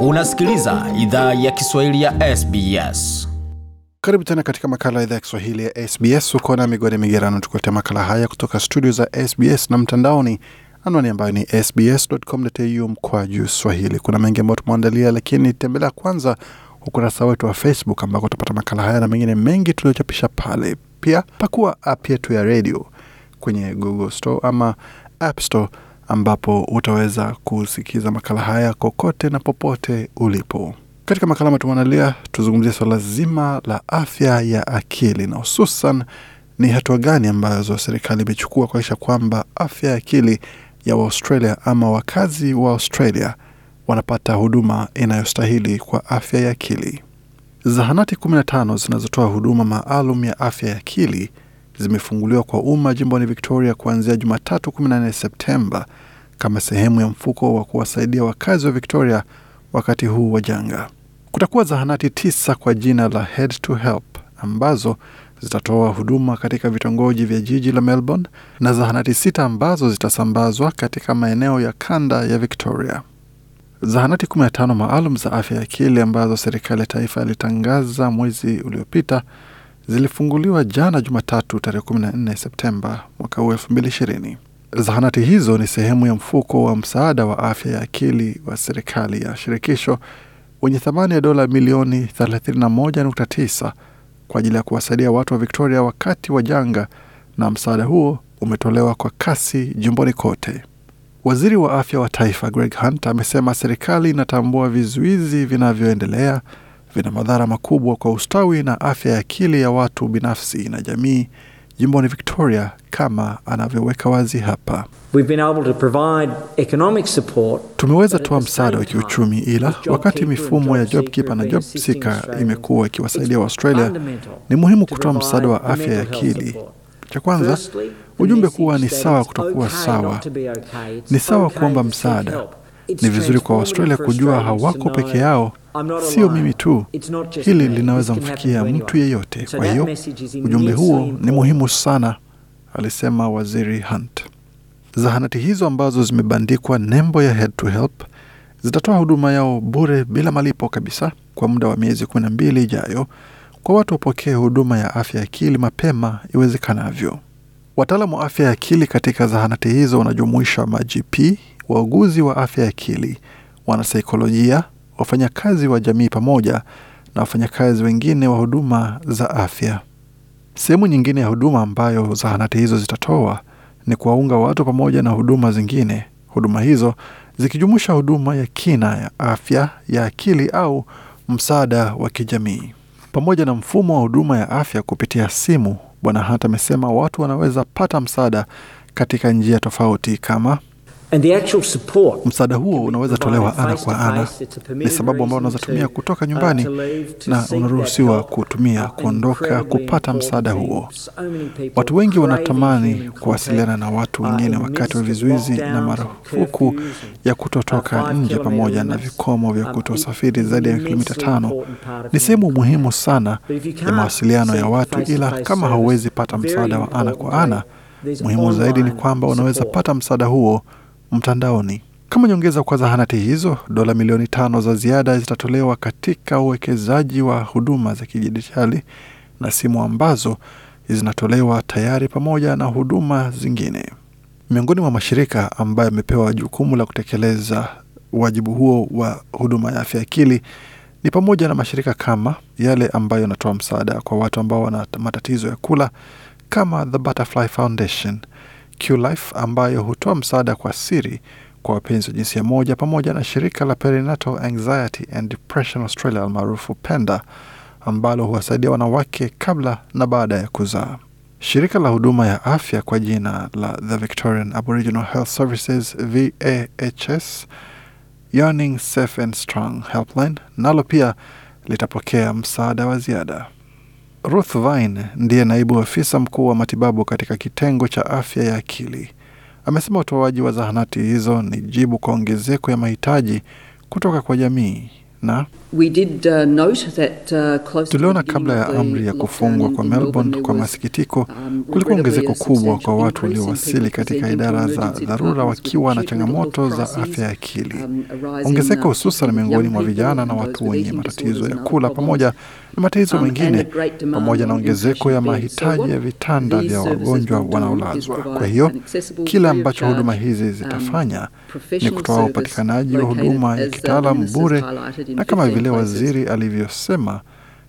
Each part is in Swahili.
Unasikiliza idhaa ya Kiswahili ya SBS. Karibu tena katika makala ya idhaa ya Kiswahili ya SBS. Uko na Migode Migerano tukuletea makala haya kutoka studio za SBS na mtandaoni, anwani ambayo ni sbs.com.au mkwa juu swahili. Kuna mengi ambayo tumeandalia, lakini tembelea kwanza ukurasa wetu wa Facebook ambako utapata makala haya na mengine mengi tuliochapisha pale. Pia pakua app yetu ya redio kwenye Google Store ama App Store ambapo utaweza kusikiza makala haya kokote na popote ulipo. Katika makala matuandalia, tuzungumzia swala zima la afya ya akili na hususan ni hatua gani ambazo serikali imechukua kuakisha kwamba afya ya akili ya Waaustralia ama wakazi wa Australia wanapata huduma inayostahili kwa afya ya akili. Zahanati 15 zinazotoa huduma maalum ya afya ya akili zimefunguliwa kwa umma jimboni Victoria kuanzia Jumatatu 14 Septemba kama sehemu ya mfuko wa kuwasaidia wakazi wa Victoria wakati huu wa janga. Kutakuwa zahanati tisa kwa jina la Head to Help ambazo zitatoa huduma katika vitongoji vya jiji la Melbourne na zahanati sita ambazo zitasambazwa katika maeneo ya kanda ya Victoria. Zahanati 15 maalum za afya ya akili ambazo serikali ya taifa ilitangaza mwezi uliopita zilifunguliwa jana Jumatatu tarehe 14 Septemba mwaka huu ishirini. Zahanati hizo ni sehemu ya mfuko wa msaada wa afya ya akili wa serikali ya shirikisho wenye thamani ya dola milioni 31.9 kwa ajili ya kuwasaidia watu wa Victoria wakati wa janga, na msaada huo umetolewa kwa kasi jimboni kote. Waziri wa afya wa taifa Greg Hunt amesema serikali inatambua vizuizi vinavyoendelea vina madhara makubwa kwa ustawi na afya ya akili ya watu binafsi na jamii jimboni Victoria, kama anavyoweka wazi hapa. Tumeweza toa msaada wa kiuchumi, ila wakati mifumo ya JobKeeper na JobSeeker imekuwa ikiwasaidia Waaustralia, ni muhimu kutoa msaada wa afya ya akili. Cha kwanza, ujumbe kuwa ni sawa kutokuwa sawa, ni sawa kuomba msaada ni vizuri kwa Waustralia kujua hawako peke yao, sio mimi tu. Hili linaweza mfikia mtu yeyote. Kwa hiyo ujumbe huo ni muhimu sana, alisema Waziri Hunt. Zahanati hizo ambazo zimebandikwa nembo ya Head to Help zitatoa huduma yao bure bila malipo kabisa kwa muda wa miezi 12 ijayo kwa watu wapokee huduma ya afya ya akili mapema iwezekanavyo. Wataalamu wa afya ya akili katika zahanati hizo wanajumuisha ma-GP wauguzi wa afya ya akili, wanasaikolojia, wafanyakazi wa jamii pamoja na wafanyakazi wengine wa huduma za afya. Sehemu nyingine ya huduma ambayo zahanati hizo zitatoa ni kuwaunga watu pamoja na huduma zingine, huduma hizo zikijumuisha huduma ya kina ya afya ya akili au msaada wa kijamii pamoja na mfumo wa huduma ya afya kupitia simu. Bwana Hata amesema watu wanaweza pata msaada katika njia tofauti kama Msaada huo unaweza tolewa ana kwa ana, ni sababu ambao unaweza tumia kutoka uh, nyumbani, na unaruhusiwa kutumia kuondoka kupata msaada huo. Watu wengi wanatamani kuwasiliana na watu wengine wakati wa vizuizi na marufuku ya kutotoka nje pamoja na vikomo vya um, kutosafiri zaidi ya kilomita tano. Ni sehemu muhimu sana ya mawasiliano ya watu, ila kama hauwezi pata msaada wa ana kwa ana, muhimu zaidi ni kwamba unaweza pata msaada huo mtandaoni. Kama nyongeza kwa zahanati hizo, dola milioni tano za ziada zitatolewa katika uwekezaji wa huduma za kidijitali na simu ambazo zinatolewa tayari pamoja na huduma zingine. Miongoni mwa mashirika ambayo yamepewa jukumu la kutekeleza wajibu huo wa huduma ya afya akili ni pamoja na mashirika kama yale ambayo yanatoa msaada kwa watu ambao wana matatizo ya kula kama The Butterfly Foundation QLife ambayo hutoa msaada kwa siri kwa wapenzi wa jinsia moja pamoja na shirika la Perinatal Anxiety and Depression Australia almaarufu PENDA ambalo huwasaidia wanawake kabla na baada ya kuzaa. Shirika la huduma ya afya kwa jina la The Victorian Aboriginal Health Services VAHS Yearning Safe and Strong Helpline nalo pia litapokea msaada wa ziada. Ruth Vine ndiye naibu afisa mkuu wa matibabu katika kitengo cha afya ya akili, amesema utoaji wa zahanati hizo ni jibu kwa ongezeko ya mahitaji kutoka kwa jamii na Uh, uh, Tuliona kabla ya amri ya kufungwa kwa Melbourne, kwa masikitiko, um, kulikuwa ongezeko kubwa kwa watu waliowasili katika idara za dharura wakiwa na changamoto za afya ya akili, um, ongezeko uh, hususan miongoni mwa vijana na watu wenye matatizo ya kula pamoja na matatizo um, mengine, pamoja na ongezeko ya mahitaji ya vitanda vya wagonjwa wanaolazwa. Kwa hiyo kile ambacho huduma hizi zitafanya ni kutoa upatikanaji wa huduma ya kitaalam bure na kama vile waziri alivyosema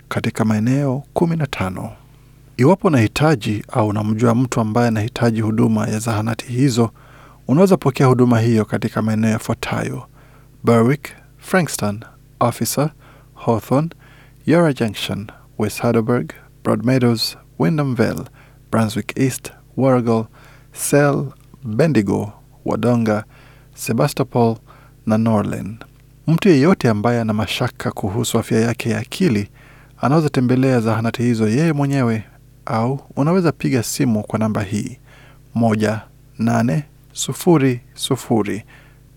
katika maeneo kumi na tano. Iwapo unahitaji au unamjua mtu ambaye anahitaji huduma ya zahanati hizo, unaweza pokea huduma hiyo katika maeneo yafuatayo: Berwick, Frankston, Officer, Hawthorne, Yarra Junction, West Heidelberg, Broadmeadows, Wyndham Vale, Brunswick East, Warrigal, Sale, Bendigo, Wodonga, Sebastopol na Norlin. Mtu yeyote ambaye ana mashaka kuhusu afya yake ya akili anaweza tembelea zahanati hizo yeye mwenyewe au unaweza piga simu kwa namba hii moja nane sufuri sufuri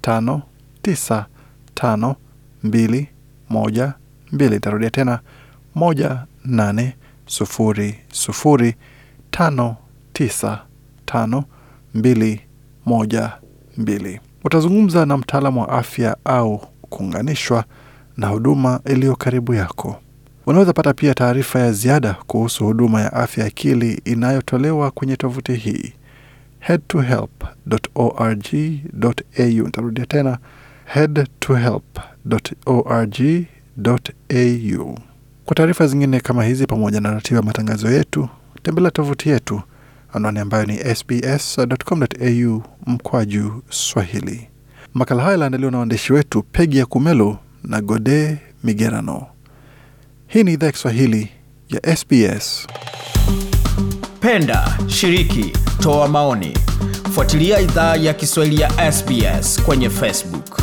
tano tisa tano mbili moja mbili. Tarudia tena moja nane sufuri sufuri tano tisa tano mbili moja mbili. Utazungumza na mtaalamu wa afya au kuunganishwa na huduma iliyo karibu yako. Unaweza pata pia taarifa ya ziada kuhusu huduma ya afya akili inayotolewa kwenye tovuti hii headtohelp.org.au. Nitarudia tena headtohelp.org.au. Kwa taarifa zingine kama hizi pamoja na ratiba matangazo yetu, tembelea tovuti yetu anwani ambayo ni sbs.com.au mkwaju Swahili. Makala haya yaliandaliwa na waandishi wetu Pegi ya Kumelu na Gode Migerano. Hii ni idhaa ya Kiswahili ya SBS. Penda, shiriki, toa maoni, fuatilia idhaa ya Kiswahili ya SBS kwenye Facebook.